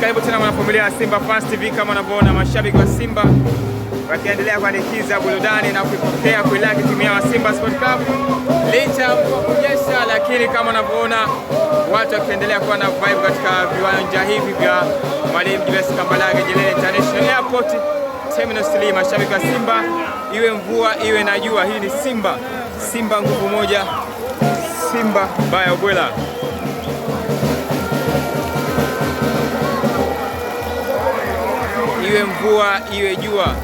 karibu tena mwanafamilia ya Simba Fans TV. Kama unavyoona mashabiki wa Simba wakiendelea kuandikiza burudani na kuipokea kuilaki timu ya Simba Sport Club licha ya kunyesha, lakini kama unavyoona watu wakiendelea kuwa na vibe katika viwanja hivi vya Mwalimu Julius Kambarage Nyerere International Airport Terminal 3. Mashabiki wa Simba, iwe mvua iwe na jua, hii ni Simba. Simba nguvu moja, Simba baya ubwela. iwe mvua iwe jua,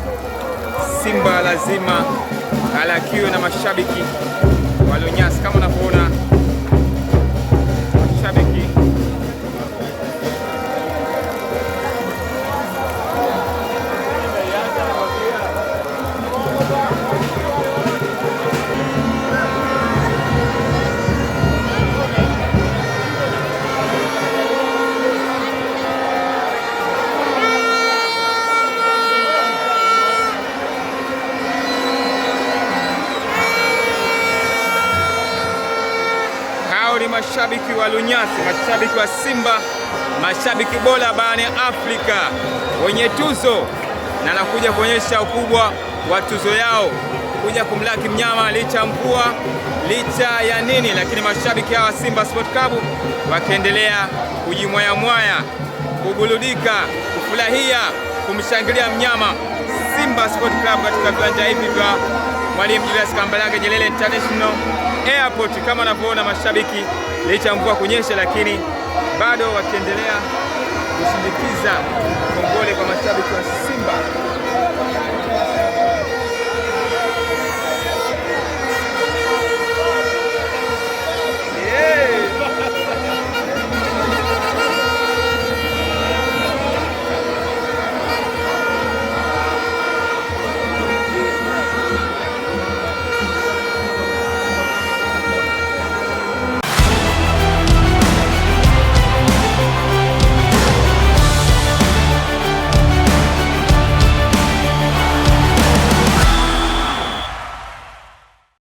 Simba lazima alakiwe na mashabiki walionyasi kama unavyoona. mashabiki wa Lunyasi, mashabiki wa Simba, mashabiki bora barani Afrika wenye tuzo, na nakuja kuonyesha ukubwa wa tuzo yao, kuja kumlaki mnyama licha mvua, licha ya nini, lakini mashabiki hawa Simba Sport Club wakiendelea kujimwayamwaya, kuburudika, kufurahia, kumshangilia mnyama Simba Sport Club katika viwanja hivi vya Mwalimu Julius Kambarage Nyerere International Airport kama unavyoona mashabiki, licha mvua kunyesha, lakini bado wakiendelea kusindikiza kongole kwa mashabiki wa Simba.